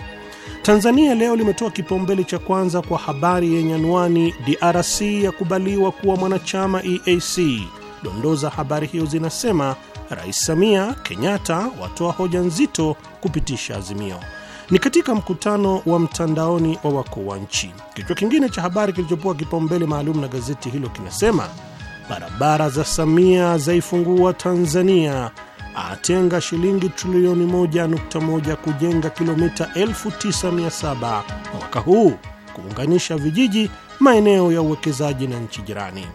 Tanzania Leo limetoa kipaumbele cha kwanza kwa habari yenye anwani DRC yakubaliwa kuwa mwanachama EAC. Dondoo za habari hiyo zinasema Rais Samia Kenyatta watoa hoja nzito kupitisha azimio ni katika mkutano wa mtandaoni wa wakuu wa nchi. Kichwa kingine cha habari kilichopewa kipaumbele maalum na gazeti hilo kinasema barabara za Samia zaifungua Tanzania, atenga shilingi trilioni 1.1 kujenga kilomita 9700 mwaka huu kuunganisha vijiji, maeneo ya uwekezaji na nchi jirani.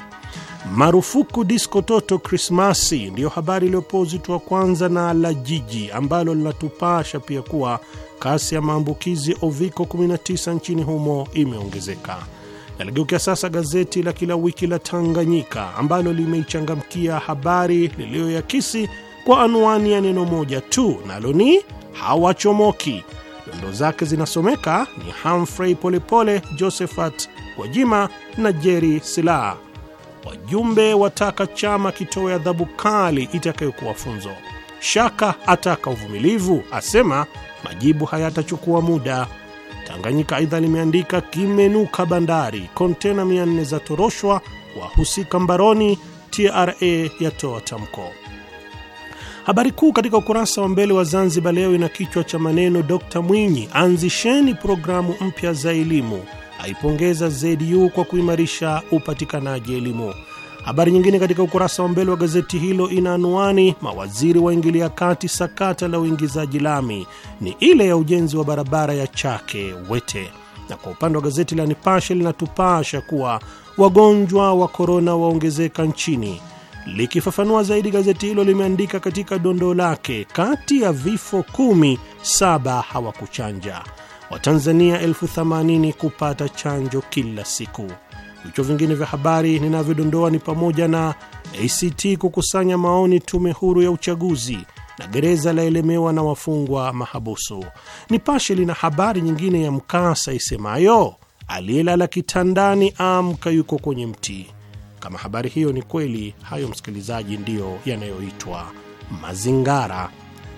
Marufuku disko toto Krismasi ndiyo habari iliyopewa uzito wa kwanza na la Jiji ambalo linatupasha pia kuwa kasi ya maambukizi Oviko 19 nchini humo imeongezeka. Naligeukia sasa gazeti la kila wiki la Tanganyika ambalo limeichangamkia habari liliyoyakisi kwa anwani ya neno moja tu, nalo ni hawachomoki. Dondo zake zinasomeka ni Humphrey Polepole, Josephat Gwajima na Jerry Silaa, wajumbe wataka chama kitoe adhabu kali itakayokuwa funzo. Shaka ataka uvumilivu, asema majibu hayatachukua muda. Tanganyika aidha limeandika kimenuka bandari, kontena 400 za toroshwa, wahusika mbaroni, TRA yatoa tamko. Habari kuu katika ukurasa wa mbele wa Zanzibar Leo ina kichwa cha maneno Dkt Mwinyi, anzisheni programu mpya za elimu, aipongeza ZU kwa kuimarisha upatikanaji elimu. Habari nyingine katika ukurasa wa mbele wa gazeti hilo ina anwani mawaziri waingilia kati sakata la uingizaji lami, ni ile ya ujenzi wa barabara ya Chake Wete. Na kwa upande wa gazeti la Nipashe linatupasha kuwa wagonjwa wa korona waongezeka nchini. Likifafanua zaidi, gazeti hilo limeandika katika dondoo lake, kati ya vifo kumi, saba hawakuchanja. Watanzania elfu themanini kupata chanjo kila siku. Vichwa vingine vya habari ninavyodondoa ni pamoja na ACT kukusanya maoni tume huru ya uchaguzi na gereza laelemewa na wafungwa mahabusu. Nipashe lina habari nyingine ya mkasa isemayo aliyelala kitandani amka yuko kwenye mti. Kama habari hiyo ni kweli, hayo msikilizaji, ndiyo yanayoitwa mazingara.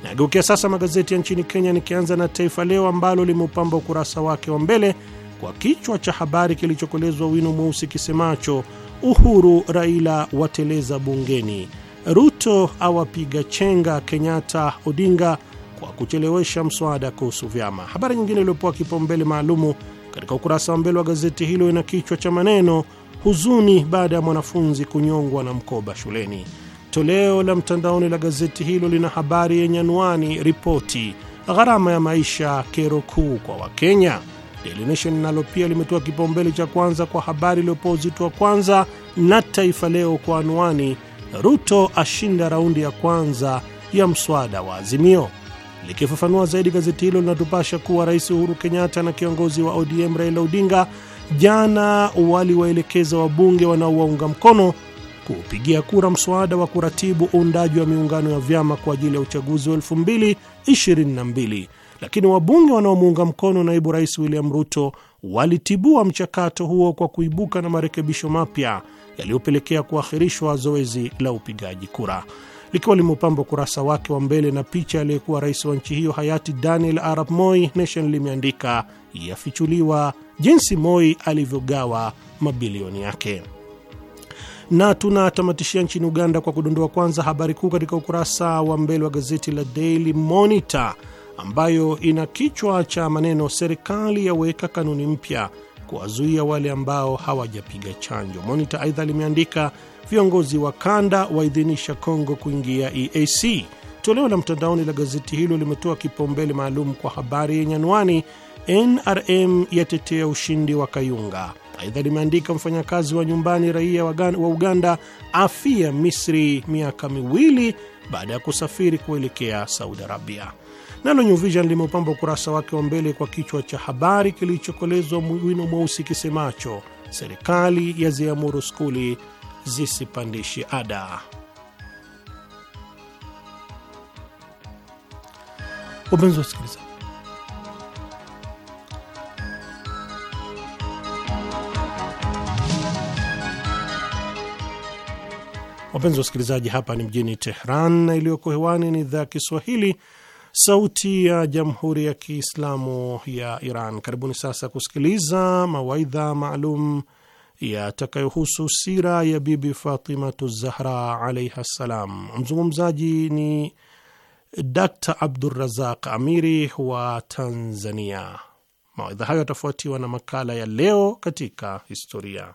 Nageukia sasa magazeti ya nchini Kenya, nikianza na Taifa Leo ambalo limeupamba ukurasa wake wa mbele kwa kichwa cha habari kilichokolezwa wino mweusi kisemacho Uhuru Raila wateleza bungeni, Ruto awapiga chenga Kenyatta Odinga kwa kuchelewesha mswada kuhusu vyama. Habari nyingine iliyopewa kipaumbele maalumu katika ukurasa wa mbele wa gazeti hilo ina kichwa cha maneno huzuni baada ya mwanafunzi kunyongwa na mkoba shuleni. Toleo la mtandaoni la gazeti hilo lina habari yenye anwani ripoti gharama ya maisha kero kuu kwa Wakenya. Daily Nation nalo pia limetoa kipaumbele cha kwanza kwa habari iliyopoa uzito wa kwanza na Taifa Leo kwa anwani Ruto ashinda raundi ya kwanza ya mswada wa Azimio. Likifafanua zaidi, gazeti hilo linatupasha kuwa Rais Uhuru Kenyatta na kiongozi wa ODM Raila Odinga jana waliwaelekeza wabunge wanaowaunga mkono kuupigia kura mswada wa kuratibu uundaji wa miungano ya vyama kwa ajili ya uchaguzi wa 2022 lakini wabunge wanaomuunga mkono naibu rais William Ruto walitibua mchakato huo kwa kuibuka na marekebisho mapya yaliyopelekea kuahirishwa zoezi la upigaji kura. Likiwa limeupamba ukurasa wake wa mbele na picha aliyekuwa rais wa nchi hiyo hayati Daniel Arap Moi, Nation limeandika yafichuliwa jinsi Moi alivyogawa mabilioni yake. Na tunatamatishia nchini Uganda kwa kudondoa kwanza habari kuu katika ukurasa wa mbele wa gazeti la Daily Monitor ambayo ina kichwa cha maneno serikali yaweka kanuni mpya kuwazuia wale ambao hawajapiga chanjo. Monita aidha limeandika viongozi wa kanda waidhinisha Kongo kuingia EAC. Toleo la mtandaoni la gazeti hilo limetoa kipaumbele maalum kwa habari yenye anwani NRM yatetea ushindi wa Kayunga. Aidha limeandika mfanyakazi wa nyumbani raia wa Uganda afia Misri miaka miwili baada ya kusafiri kuelekea Saudi Arabia. Nalo New Vision limeupamba ukurasa wake wa mbele kwa kichwa cha habari kilichokolezwa wino mweusi kisemacho serikali yaziamuru skuli zisipandishe ada. Wapenzi wa wapenzi wasikilizaji, hapa ni mjini Tehran na iliyoko hewani ni idhaa ya Kiswahili Sauti ya Jamhuri ya Kiislamu ya Iran. Karibuni sasa kusikiliza mawaidha maalum yatakayohusu sira ya Bibi Fatimatu Zahra alaiha ssalam. Mzungumzaji ni Dkt Abdurazaq Amiri wa Tanzania. Mawaidha hayo yatafuatiwa na makala ya leo katika historia.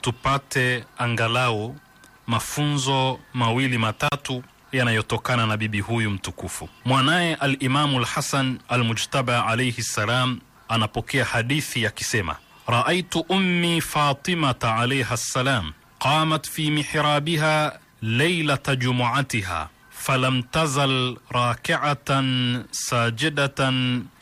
tupate angalau mafunzo mawili matatu yanayotokana na bibi huyu mtukufu. Mwanaye Alimamu Lhasan Almujtaba alaihi ssalam anapokea hadithi akisema, raaitu ummi Fatimata alaiha ssalam qamat fi mihrabiha leilata jumuatiha فلم تزل راكعه ساجده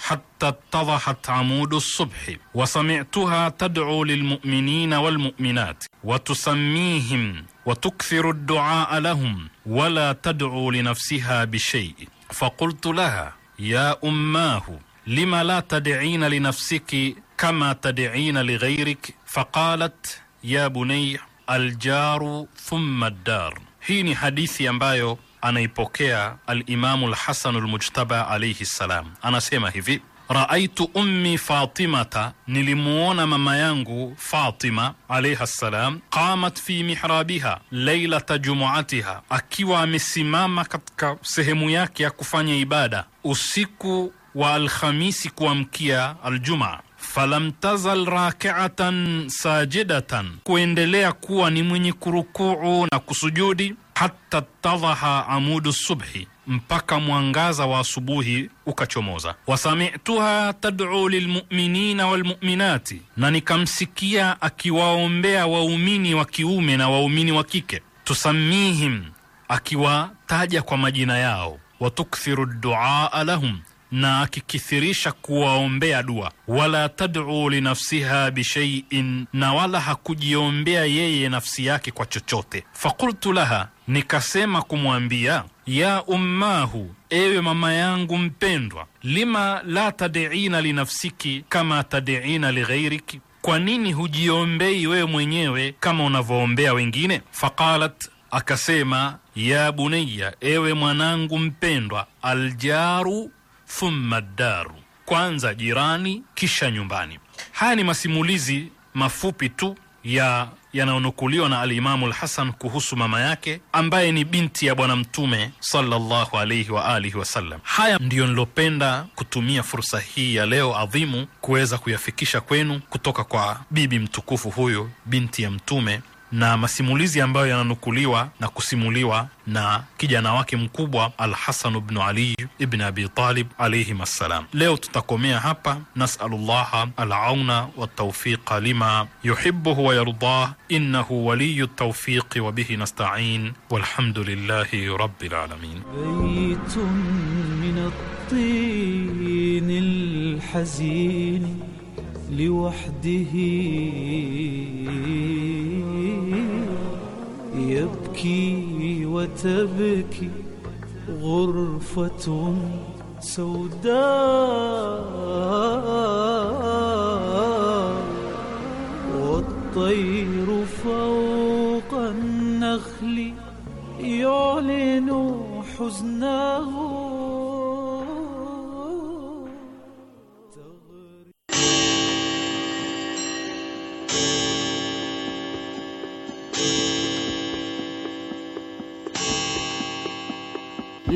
حتى اتضحت عمود الصبح وسمعتها تدعو للمؤمنين والمؤمنات وتسميهم وتكثر الدعاء لهم ولا تدعو لنفسها بشيء فقلت لها يا اماه لم لا تدعين لنفسك كما تدعين لغيرك فقالت يا بني الجار ثم الدار hii ni hadithi ambayo anaipokea Alimamu Lhasanu Lmujtaba alaihi ssalam, anasema hivi Raaitu ummi Fatimata, nilimuona mama yangu Fatima alaiha ssalam. Qamat fi mihrabiha lailata jumuatiha, akiwa amesimama katika sehemu yake ya kufanya ibada usiku wa Alkhamisi kuamkia Aljumaa. Falam tazal rakiatan sajidatan, kuendelea kuwa ni mwenye kurukuu na kusujudi hatta tadhaha amudu subhi, mpaka mwangaza wa asubuhi ukachomoza. Wasamituha tad'u lilmuminina walmuminati, na nikamsikia akiwaombea waumini wa kiume na waumini wa kike. Tusamihim, akiwataja kwa majina yao. Watukthiru duaa lahum na akikithirisha kuwaombea dua. Wala tad'u linafsiha bishaiin, na wala hakujiombea yeye nafsi yake kwa chochote. Fakultu laha nikasema kumwambia ya ummahu, ewe mama yangu mpendwa, lima la tadiina linafsiki kama tadiina lighairiki, kwa nini hujiombei wewe mwenyewe kama unavyoombea wengine? Faqalat, akasema ya bunayya, ewe mwanangu mpendwa, aljaru thumma daru, kwanza jirani kisha nyumbani. Haya ni masimulizi mafupi tu ya yanayonukuliwa na Alimamu Lhasan kuhusu mama yake ambaye ni binti ya Bwana Mtume sallallahu alaihi wa alihi wasallam. Haya ndiyo nilopenda kutumia fursa hii ya leo adhimu kuweza kuyafikisha kwenu kutoka kwa bibi mtukufu huyo binti ya Mtume na masimulizi ambayo yananukuliwa na kusimuliwa na kijana wake mkubwa Alhasanu bnu Ali ibn Abi Talib alaihim assalam. Leo tutakomea hapa. Nasalullaha alauna waltaufiqa lima yuhibuhu wayardah innahu waliyu ltaufiqi wabihi nastain walhamdulillahi rabbil alamin. الطين الحزين لوحده يبكي وتبكي غرفة سوداء والطير فوق النخل يعلن حزنه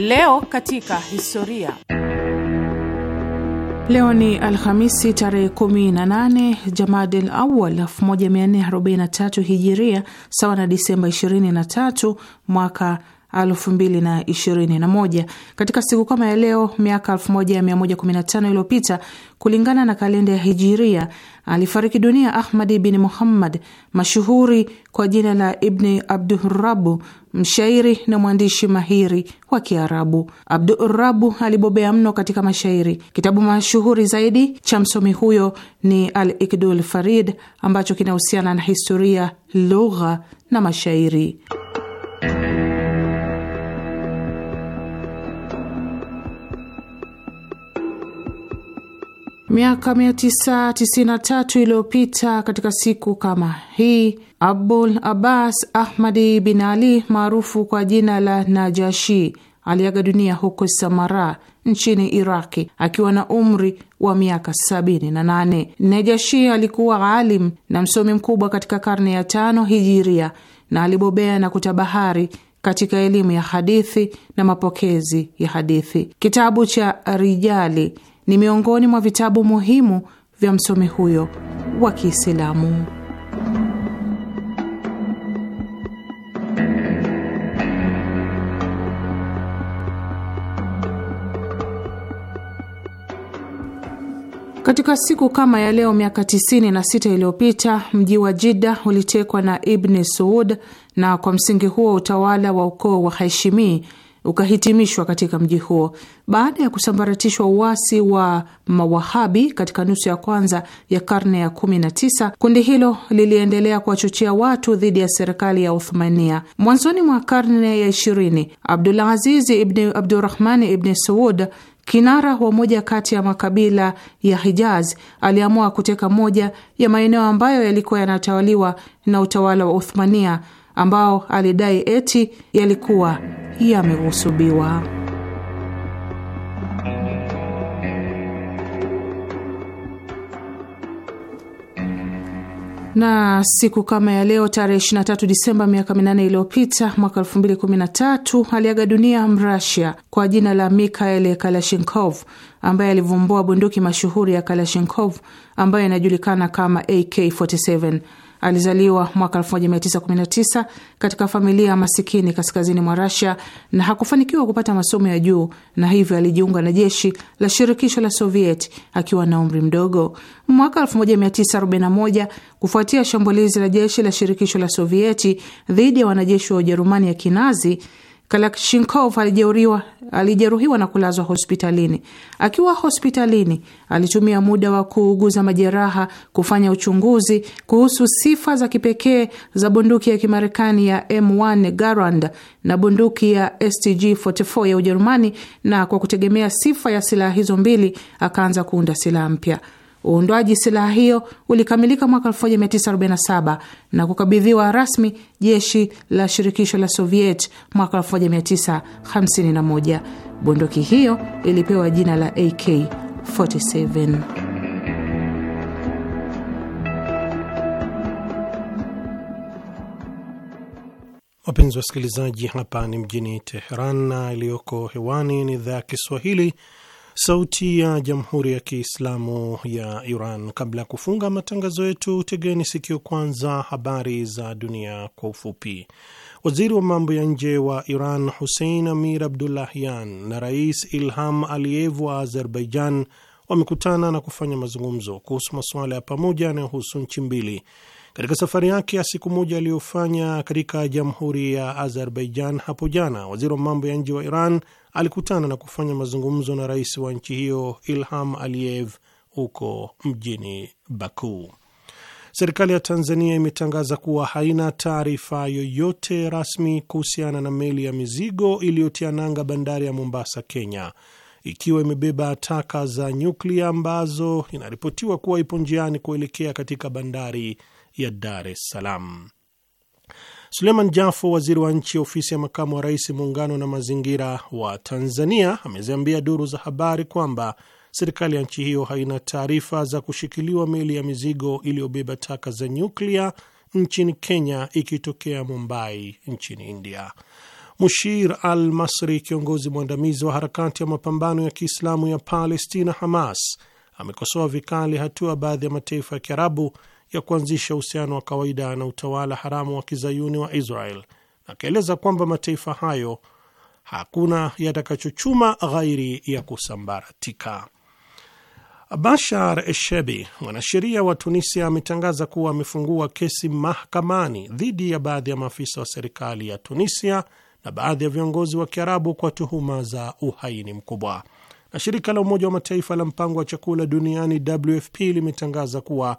Leo katika historia. Leo ni Alhamisi tarehe 18 Jamadil Awal 1443 Hijiria, sawa na Disemba 23 mwaka 2021. Katika siku kama ya leo miaka 1115 iliyopita kulingana na kalenda ya Hijiria, alifariki dunia Ahmadi bin Muhammad mashuhuri kwa jina la Ibni Abdurabu, mshairi na mwandishi mahiri wa Kiarabu. Abdurabu alibobea mno katika mashairi. Kitabu mashuhuri zaidi cha msomi huyo ni Al Ikdul Farid ambacho kinahusiana na historia, lugha na mashairi. Miaka 993 iliyopita katika siku kama hii Abul Abbas Ahmadi bin Ali maarufu kwa jina la Najashi aliaga dunia huko Samara nchini Iraki akiwa na umri wa miaka sabini na nane. Najashi alikuwa alim na msomi mkubwa katika karne ya tano hijiria na alibobea na kutabahari katika elimu ya hadithi na mapokezi ya hadithi. Kitabu cha Rijali ni miongoni mwa vitabu muhimu vya msomi huyo wa Kiislamu. Katika siku kama ya leo miaka 96 iliyopita mji wa Jida ulitekwa na Ibni Suud, na kwa msingi huo utawala wa ukoo wa Haishimi ukahitimishwa katika mji huo baada ya kusambaratishwa uasi wa Mawahabi katika nusu ya kwanza ya karne ya 19. Kundi hilo liliendelea kuwachochea watu dhidi ya serikali ya Uthmania. Mwanzoni mwa karne ya 20, Abdulaziz Ibni Abdurahmani Ibni Suud Kinara wa moja kati ya makabila ya Hijaz aliamua kuteka moja ya maeneo ambayo yalikuwa yanatawaliwa na utawala wa Uthmania ambao alidai eti yalikuwa yamehusubiwa na siku kama ya leo tarehe 23 Disemba miaka minane iliyopita mwaka 2013 aliaga dunia Mrasia kwa jina la Mikhail Kalashnikov ambaye alivumbua bunduki mashuhuri ya Kalashnikov ambayo inajulikana kama AK47. Alizaliwa mwaka 1919 katika familia ya masikini kaskazini mwa Rasia na hakufanikiwa kupata masomo ya juu, na hivyo alijiunga na jeshi la shirikisho la Soviet akiwa na umri mdogo. Mwaka 1941 kufuatia shambulizi la jeshi la shirikisho la Sovieti dhidi ya wanajeshi wa Ujerumani ya Kinazi, Kalashnikov alijeruhiwa, alijeruhiwa na kulazwa hospitalini. Akiwa hospitalini, alitumia muda wa kuuguza majeraha kufanya uchunguzi kuhusu sifa za kipekee za bunduki ya Kimarekani ya M1 Garand na bunduki ya STG44 ya Ujerumani, na kwa kutegemea sifa ya silaha hizo mbili akaanza kuunda silaha mpya. Uundwaji silaha hiyo ulikamilika mwaka 1947 na kukabidhiwa rasmi jeshi la shirikisho la Soviet mwaka 1951. Bunduki hiyo ilipewa jina la AK47. Wapenzi wasikilizaji, hapa ni mjini Teheran na iliyoko hewani ni idhaa ya Kiswahili Sauti ya Jamhuri ya Kiislamu ya Iran. Kabla ya kufunga matangazo yetu, tegeni sikio kwanza habari za dunia kwa ufupi. Waziri wa mambo ya nje wa Iran Hussein Amir Abdullahian na Rais Ilham Aliyev wa Azerbaijan wamekutana na kufanya mazungumzo kuhusu masuala ya pamoja yanayohusu nchi mbili katika safari yake ya siku moja aliyofanya katika Jamhuri ya Azerbaijan hapo jana. Waziri wa mambo ya nje wa Iran alikutana na kufanya mazungumzo na rais wa nchi hiyo Ilham Aliyev huko mjini Baku. Serikali ya Tanzania imetangaza kuwa haina taarifa yoyote rasmi kuhusiana na meli ya mizigo iliyotia nanga bandari ya Mombasa, Kenya, ikiwa imebeba taka za nyuklia ambazo inaripotiwa kuwa ipo njiani kuelekea katika bandari ya Dar es Salaam. Suleiman Jafo, waziri wa nchi ofisi ya makamu wa rais, muungano na mazingira wa Tanzania, ameziambia duru za habari kwamba serikali ya nchi hiyo haina taarifa za kushikiliwa meli ya mizigo iliyobeba taka za nyuklia nchini Kenya ikitokea Mumbai nchini India. Mushir al Masri, kiongozi mwandamizi wa harakati ya mapambano ya Kiislamu ya Palestina, Hamas, amekosoa vikali hatua baadhi ya mataifa ya Kiarabu ya kuanzisha uhusiano wa kawaida na utawala haramu wa kizayuni wa Israel, akaeleza kwamba mataifa hayo hakuna yatakachochuma ghairi ya kusambaratika. Bashar Eshebi, mwanasheria wa Tunisia, ametangaza kuwa amefungua kesi mahakamani dhidi ya baadhi ya maafisa wa serikali ya Tunisia na baadhi ya viongozi wa Kiarabu kwa tuhuma za uhaini mkubwa. Na shirika la Umoja wa Mataifa la mpango wa chakula duniani WFP limetangaza kuwa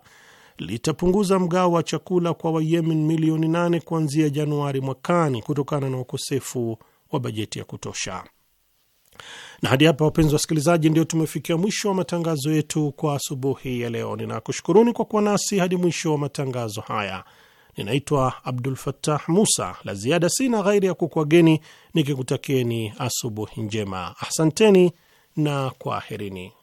litapunguza mgao wa chakula kwa Wayemen milioni nane kuanzia Januari mwakani kutokana na ukosefu wa bajeti ya kutosha. Na hadi hapa, wapenzi wasikilizaji, ndio tumefikia mwisho wa matangazo yetu kwa asubuhi ya leo. Ninakushukuruni kwa kuwa nasi hadi mwisho wa matangazo haya. Ninaitwa Abdul Fattah Musa. La ziada sina ghairi ya kukwageni nikikutakieni asubuhi njema. Asanteni na kwaherini.